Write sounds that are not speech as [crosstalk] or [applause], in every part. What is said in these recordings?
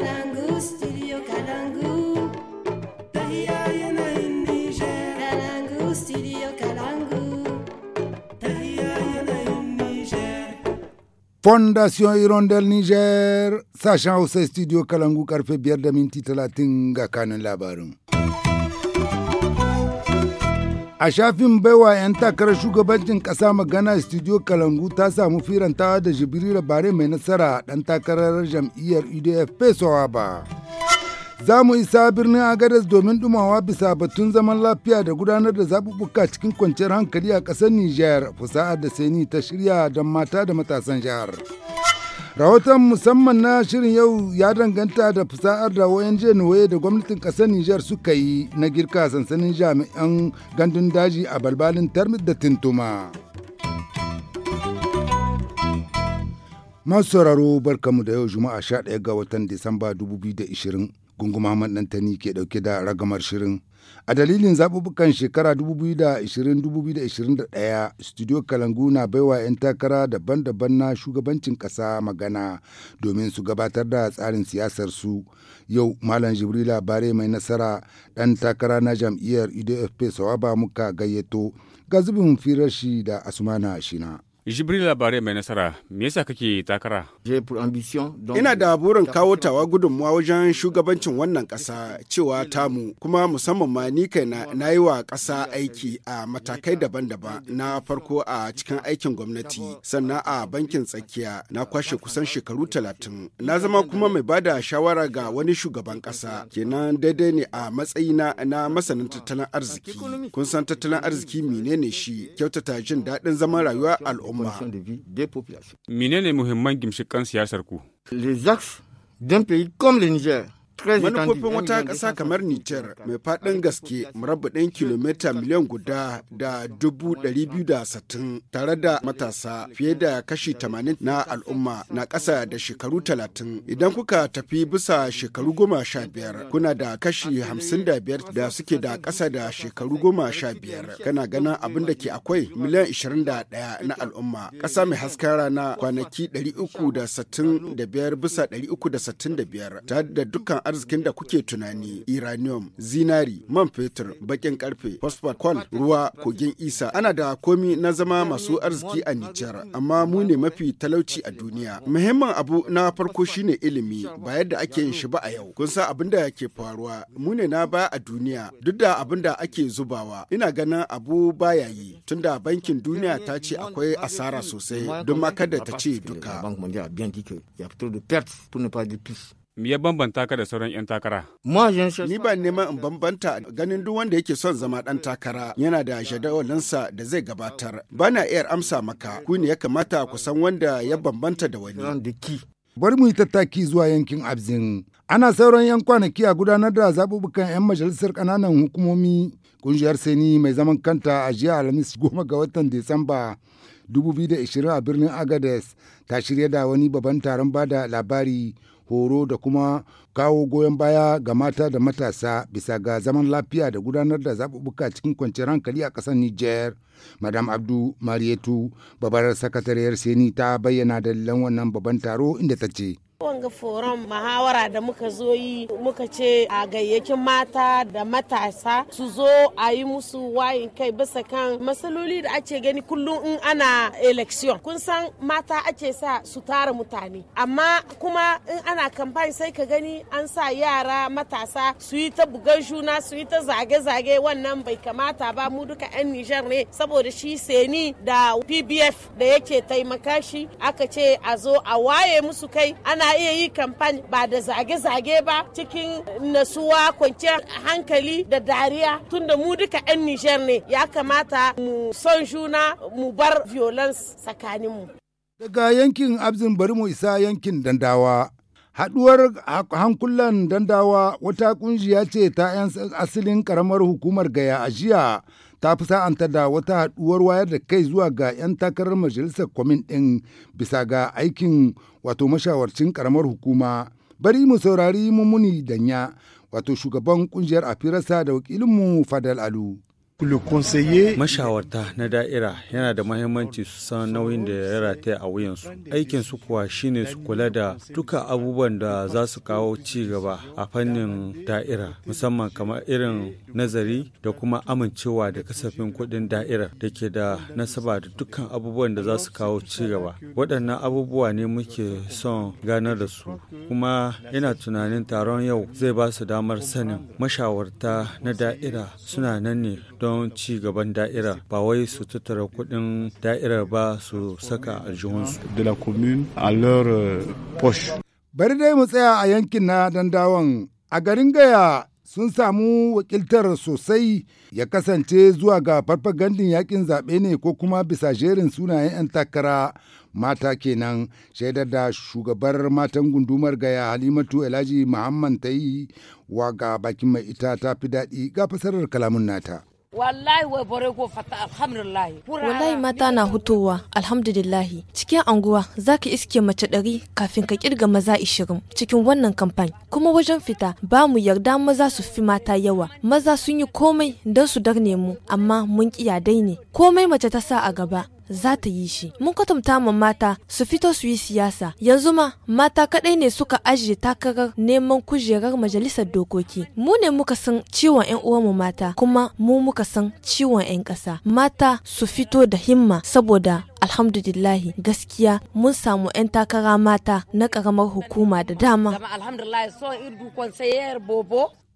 kalangu studio kalangu tahiya yanayin niger kalangu studio kalangu yanayin niger fondation irondel niger Sachan hausa studio kalangu karfe biyar da minti talatin ga kanin labarin A shafin baiwa 'yan takarar shugabancin ƙasa magana studio Kalangu ta samu firantawa da Jibrila Bare mai nasara ɗan takarar jam'iyyar UDF Fesowa ba. Za mu isa birnin agadas domin dumawa bisa batun zaman lafiya da gudanar da zaɓuɓɓuka cikin kwanciyar hankali a ƙasar Nijar, fusa'ar da Seni ta shirya don mata da matasan jihar. rahoton musamman na shirin yau ya danganta da fusa'ar da wayan Nuwaye da gwamnatin ƙasar Nijar suka yi na girka sansanin jami'an gandun daji a balbalin termit da Tintuma. Masu sauraro barkamu da yau Juma'a 11 ga watan Disamba 2020. Gunguma maɗantani ke dauke da ragamar shirin. A dalilin zaɓuɓɓukan shekara 2020-2021, Studio Kalangu na baiwa 'yan takara daban-daban na shugabancin ƙasa magana domin su gabatar da tsarin siyasar su. Yau Malam Jibril Bare mai nasara ɗan takara na jam'iyyar UDFP Sawaba muka gayyato ga zubin firar shi da Asumana Shina. Jibril labarai mai nasara, me yasa kake takara? Ina da burin kawo tawa gudunmuwa wajen shugabancin wannan ƙasa cewa tamu kuma musamman ma ni kaina na yi wa ƙasa aiki a matakai daban-daban na farko a cikin aikin gwamnati sannan a bankin tsakiya na kwashe kusan shekaru talatin. Na zama kuma mai ba da shawara ga wani shugaban ƙasa kenan daidai ne a matsayi na masanin tattalin arziki. Kun san tattalin arziki menene shi kyautata jin daɗin zaman rayuwa al'umma. vie des populations. Les axes d'un pays comme le Niger manufofin wata ƙasa kamar niger mai faɗin gaske murabba'in kilomita miliyan guda da dubu ɗari biyu da satin tare da matasa fiye da kashi tamanin na al'umma na ƙasa da shekaru talatin idan kuka tafi bisa shekaru goma sha biyar kuna da kashi hamsin da biyar da suke da ƙasa da shekaru goma sha biyar kana ganin abin da ke akwai miliyan ishirin da ɗaya na al'umma ƙasa mai hasken rana kwanaki ɗari uku da satin da biyar bisa ɗari uku da satin da biyar tare da dukkan arzikin da kuke tunani iranium zinari man fetur bakin karfe phosphate kwal ruwa kogin isa ana da komi na zama masu arziki a nijar amma mu ne mafi talauci a duniya muhimmin abu na farko shine ilimi ba yadda ake yin shi ba a yau kun san abin da ke faruwa mu ne na baya a duniya duk da abin da ake zubawa ina ganin abu baya yi tunda bankin duniya ta ce akwai asara sosai don ma kada ta ce duka. Me ya bambanta ka da sauran 'yan takara? Ni ba neman in bambanta ganin duk wanda yake son zama ɗan takara yana da jadawalinsa da zai gabatar. Bana iyar amsa maka ku ne ya kamata ku san wanda ya bambanta da wani. Bari mu yi tattaki zuwa yankin Abzin. Ana sauran 'yan kwanaki a gudanar da zaɓuɓɓukan 'yan majalisar ƙananan hukumomi kungiyar seni mai zaman kanta a jiya alhamis [laughs] goma ga watan disamba 2020 a birnin agades ta shirya da wani babban taron bada labari horo da kuma kawo goyon baya ga mata da matasa bisa ga zaman lafiya da gudanar da zaɓuɓɓuka cikin kwanciyar hankali a ƙasar Nijar. Madam Abdu Marietu, babbar sakatariyar Seni ta bayyana dalilan wannan babban taro inda ta ce. Wanga forum mahawara da muka zo yi muka ce a gayyakin mata da matasa su zo a yi musu wayin kai bisa kan matsaloli da ake gani kullum in ana election. Kun san mata ake sa su tara mutane. Amma kuma in ana kamfani sai ka gani an sa yara matasa su yi ta bugan juna su yi ta zage-zage wannan bai kamata ba mu duka 'yan Nijar ne saboda shi seni da PBF da yake taimaka shi aka ce a zo a waye musu kai ana iya yi kamfan ba da zage-zage ba cikin nasuwa kwanciyar hankali da dariya tunda mu duka 'yan Nijar ne ya kamata mu son juna mu bar violence tsakaninmu. Daga yankin Abzin bari mu isa yankin Dandawa. haduwar hankulan Dandawa wata ƙungiya ce ta 'yan asalin ƙaramar hukumar Gaya a jiya ta fi sa'anta da wata haɗuwar wayar da kai zuwa ga 'yan takarar majalisar kwamin ɗin bisa ga aikin wato mashawarcin karamar hukuma. Bari mu saurari mummuni danya wato shugaban ƙungiyar afirarsa da wakilinmu Fadal Alu. Mashawarta na da'ira yana da mahimmanci su san nauyin da ya rataya a wuyansu. Aikin su kuwa shine su kula da duka abubuwan da za su kawo ci gaba a fannin da'ira, musamman kamar irin nazari da kuma amincewa da kasafin kuɗin da'ira da ke da nasaba da dukkan abubuwan da za su kawo ci gaba. Waɗannan abubuwa ne muke son ganar da su, kuma ina tunanin taron yau zai ba su damar sanin mashawarta na da'ira suna nan ne don don ci gaban da'ira ba wai su tattara kuɗin da'irar ba su saka aljihunsu. Euh, Bari dai mu tsaya a yankin na dandawan a garin gaya sun samu wakiltar sosai ya kasance zuwa ga farfagandin yakin zaɓe ne ko kuma bisa jerin sunayen 'yan takara mata kenan shaidar da shugabar matan gundumar gaya halimatu elaji muhammad ta yi wa ga bakin mai ita ta fi daɗi ga fasarar kalamun nata. wallahi mata na hutowa alhamdulillahi cikin anguwa zaka iske mace ɗari kafin ka kirga maza ishirin cikin wannan kamfani kuma wajen fita ba mu yarda maza su fi mata yawa maza sun yi komai don su darne mu amma mun kiya ne komai mace ta sa a gaba za ta yi shi mun kwatanta ma mata su fito su yi siyasa yanzu ma mata kaɗai ne suka ajiye takarar neman kujerar majalisar dokoki mu ne muka san ciwon yan uwanmu mata kuma mu muka san ciwon yan ƙasa mata su fito da himma saboda alhamdulillahi gaskiya mun samu 'yan takara mata na ƙaramar hukuma da dama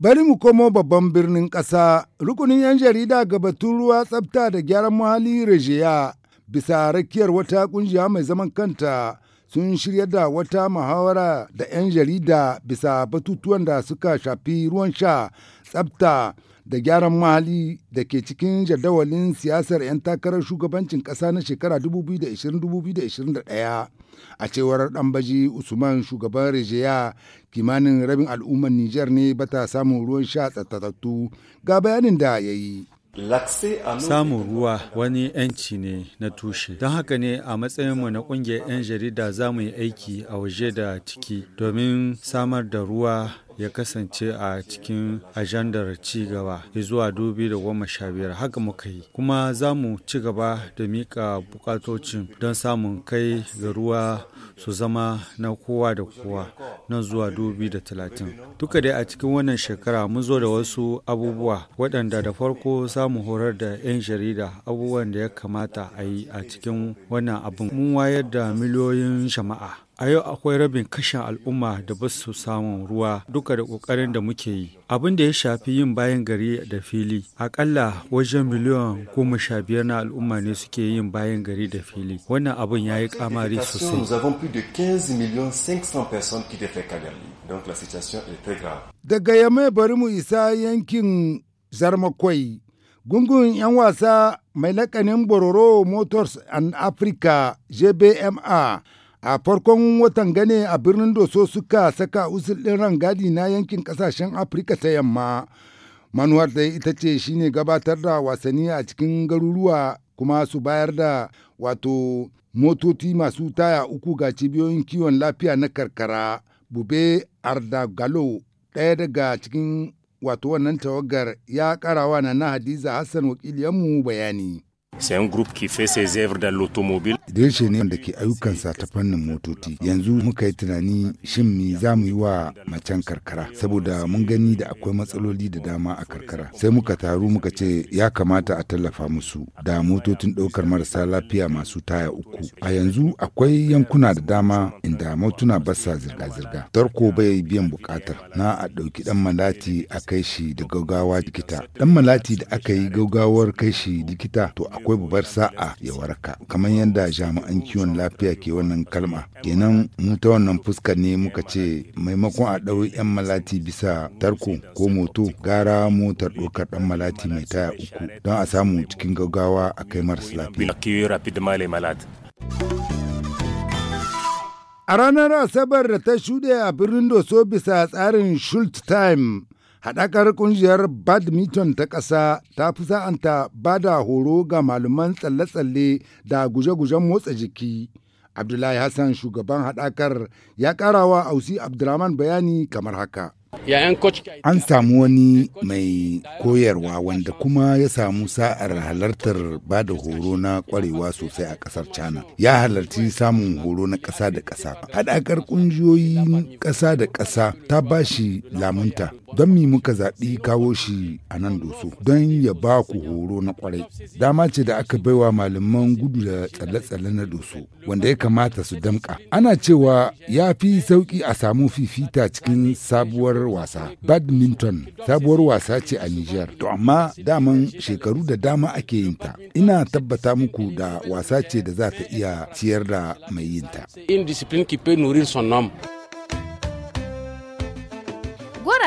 bari mu komo babban birnin ƙasa rukunin 'yan jarida ga batun ruwa tsabta da gyaran muhalli rejiya bisa rakiyar wata kungiya mai zaman kanta sun shirya da wata muhawara da 'yan jarida bisa batutuwan da suka shafi ruwan sha tsabta da gyaran mahali da ke cikin jadawalin siyasar 'yan takarar shugabancin ƙasa na shekara 2020-2021 a cewar ɗanbaji usman shugaban rijiya kimanin rabin al'ummar niger ne bata samun ruwan sha tsattattu ga bayanin da ya yi Samun ruwa wani 'yanci ne na tushe. Don haka ne a matsayinmu na ƙungiyar 'yan jarida za mu yi aiki a waje da ciki domin samar da ruwa ya kasance a cikin ajandar ci gaba zuwa 2015 haka muka yi kuma za mu ci gaba da mika bukatocin don samun kai ga ruwa su zama na kowa da kowa nan zuwa 2030 duka dai a cikin wannan shekara mun zo da wasu abubuwa waɗanda da farko za mu horar da 'yan jarida abubuwan da ya kamata a yi a cikin wannan abin mun wayar da miliyoyin jama'a A yau akwai rabin kashin al'umma da ba su samun ruwa duka da ƙoƙarin da muke yi. Abin da ya shafi yin bayan gari da fili, akalla wajen miliyan goma sha biyar na al'umma ne suke yin bayan gari da fili. Wannan abin ya yi kamari sosai. Daga yamai bari mu isa yankin zarmakwai. Gungun 'yan wasa mai lakanin Bororo Motors and Africa JBMA a farkon watan gane a birnin doso suka saka usul ɗin rangadi na yankin ƙasashen afirka ta yamma manuwar da ita ce shine gabatar da wasanni a cikin garuruwa kuma su bayar da wato motoci masu taya uku ga cibiyoyin kiwon lafiya na karkara bube ardagalo ɗaya daga cikin wato wannan tawagar ya karawa na na hadiza hassan wakiliyanmu bayani C'est un groupe qui fait ses œuvres dans l'automobile. Reshe ne wanda ke ayyukansa ta fannin motoci. Yanzu muka yi tunani shin me za mu yi wa macen karkara saboda mun gani da akwai matsaloli da dama a karkara. Sai muka taru muka ce ya kamata a tallafa musu da motocin ɗaukar marasa lafiya masu taya uku. A yanzu akwai yankuna da dama inda motuna basa zirga-zirga. Tarko bai biyan bukatar na a ɗauki ɗan malati a kai shi da gaugawa likita. Ɗan malati da aka yi gaugawar kai shi likita to akwai akwai babbar sa'a ya waraka kamar yadda jami'an kiwon lafiya ke wannan kalma kenan mu ta wannan fuskar ne muka ce maimakon a ɗau 'yan malati bisa tarko ko moto gara motar ɗaukar ɗan malati mai taya uku don a samu cikin gaggawa a kai marasa lafiya. A ranar Asabar da ta shuɗe a birnin Doso bisa tsarin Schult Time Haɗakar ƙungiyar badminton ta ƙasa ta fi sa'anta ba da horo ga malaman tsalle-tsalle da guje-gujen motsa jiki. Abdullahi Hassan shugaban haɗakar ya ƙarawa Ausi Abdulrahman bayani kamar haka. An samu wani mai koyarwa wanda kuma ya samu sa'ar halartar ba da horo na kwarewa sosai a kasar China. Ya halarci samun horo na ƙasa da ƙasa. Haɗakar ƙungiyoyin ƙasa da ƙasa ta ba shi lamunta Don mi muka zaɓi kawo shi a nan doso don ya ba ku horo na kwarai. Dama ce da aka baiwa malaman gudu da tsalle-tsalle na doso wanda ya kamata su damka Ana cewa ya fi sauƙi a samu fifita cikin sabuwar wasa. Badminton sabuwar wasa ce a Nijar. To amma daman shekaru da dama ake yin ta. Ina tabbata muku da wasa ce da za ta iya ciyar da mai yin ta.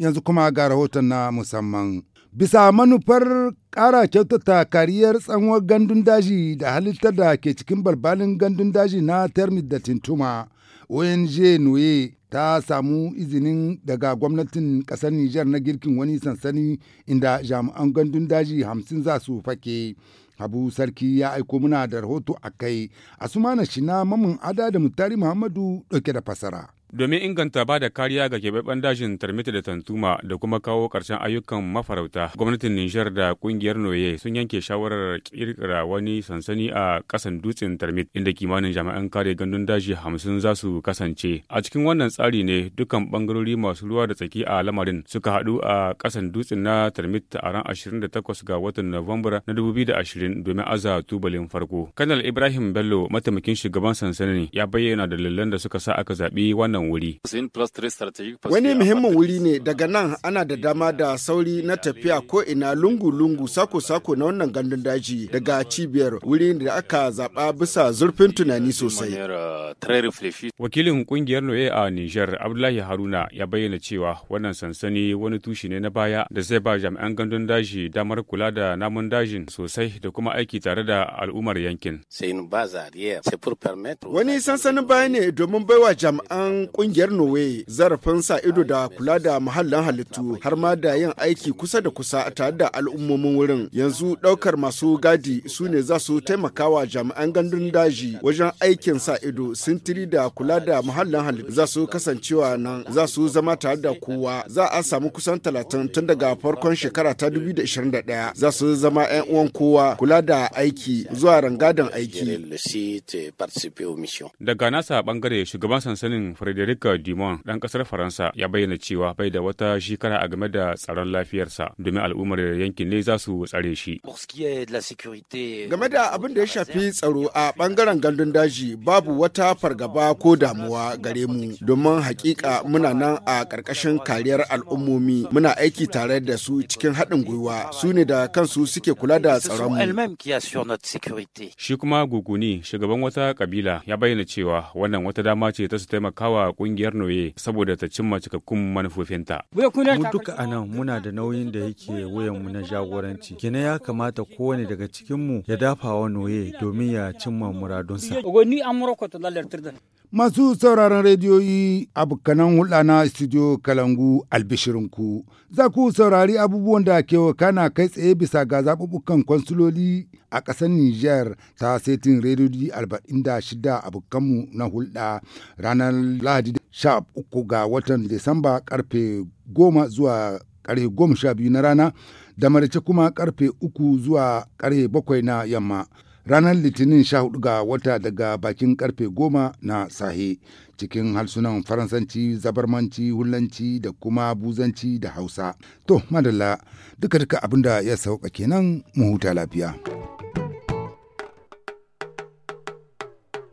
yanzu kuma ga rahoton na musamman. Bisa manufar ƙara kyautata kariyar tsanwar gandun daji da halittar da ke cikin balbalin gandun daji na termit da tintuma, ONG Noye ta samu izinin daga gwamnatin ƙasar Nijar na girkin wani sansani inda jami'an gandun daji hamsin za su fake. Habu Sarki ya aiko muna da rahoto a kai, Asumana Shina Mamun Ada da Mutari Muhammadu ɗauke da fasara. domin inganta ba da kariya ga keɓaɓɓen dajin tarmita da tantuma da kuma kawo ƙarshen ayyukan mafarauta gwamnatin nijar da ƙungiyar noye sun yanke shawarar ƙirƙira wani sansani a ƙasan dutsen tarmit inda kimanin jami'an kare gandun daji hamsin za su kasance a cikin wannan tsari ne dukkan ɓangarori masu ruwa da tsaki a lamarin suka haɗu a ƙasan dutsen na tarmit a ran ashirin da takwas ga watan nuwambar na dubu biyu da ashirin domin aza tubalin farko kanal ibrahim bello mataimakin shugaban sansanin ya bayyana dalilan da suka sa aka zaɓi wannan wannan wuri. Wani muhimmin wuri ne daga nan ana da dama da sauri na tafiya ko ina lungu-lungu sako-sako na wannan gandun daji daga cibiyar wuri da aka zaɓa bisa zurfin tunani sosai. Wakilin kungiyar Noye a Nijar Abdullahi Haruna ya bayyana cewa wannan sansani wani tushe ne na baya da zai ba jami'an gandun daji damar kula da namun dajin sosai da kuma aiki tare da al'ummar yankin. Wani sansanin baya ne domin baiwa jami'an kungiyar norway zarafin sa ido da kula da muhallin halittu har ma da yin aiki kusa da kusa tare da al'ummomin wurin yanzu daukar masu gadi su ne za su taimakawa jami'an gandun daji wajen aikin sa ido sintiri da kula da muhallin halittu za su kasancewa nan za su zama tare da kowa za a samu kusan talatin tun daga farkon shekara ta 2021 za su zama 'yan uwan kowa kula da aiki zuwa rangadin aiki daga nasa bangare shugaban sansanin frederick Frederic Dumont ɗan ƙasar Faransa ya bayyana cewa bai da wata shekara a game da tsaron lafiyarsa domin al'ummar yankin ne za su tsare shi. Euh, game da abin da ya shafi euh, tsaro a ɓangaren gandun daji babu wata fargaba ko damuwa gare mu domin hakika muna nan a ƙarƙashin kariyar al'ummomi muna aiki tare da su cikin haɗin gwiwa su ne da kansu suke kula da tsaron mu. Shi kuma Guguni shugaban wata kabila ya bayyana cewa wannan wata dama ce ta su taimakawa kungiyar noye saboda ta cimma cikakkun manufofinta. Mu duka a nan muna da nauyin da yake mu na jagoranci. Gina ya kamata kowane daga cikinmu ya dafa wa noye domin ya cimma muradunsa. Masu sauraron rediyoyi abokanan hulɗa na studio Kalangu albishirinku, za ku saurari abubuwan da ke kana kai tsaye bisa ga zaɓuɓɓukan kwansuloli a ƙasar Nijar ta setin rediyoyi 46 abokanmu na hulɗa ranar Lahadi uku ga watan Disamba karfe 10 zuwa karfe biyu na rana da marice kuma karfe uku zuwa karfe bakwai na yamma. ranar litinin 14 ga wata daga bakin karfe goma na sahe cikin harsunan faransanci zabarmanci hulanci da kuma buzanci da hausa to madalla duka-duka abinda ya sauka kenan mu huta lafiya.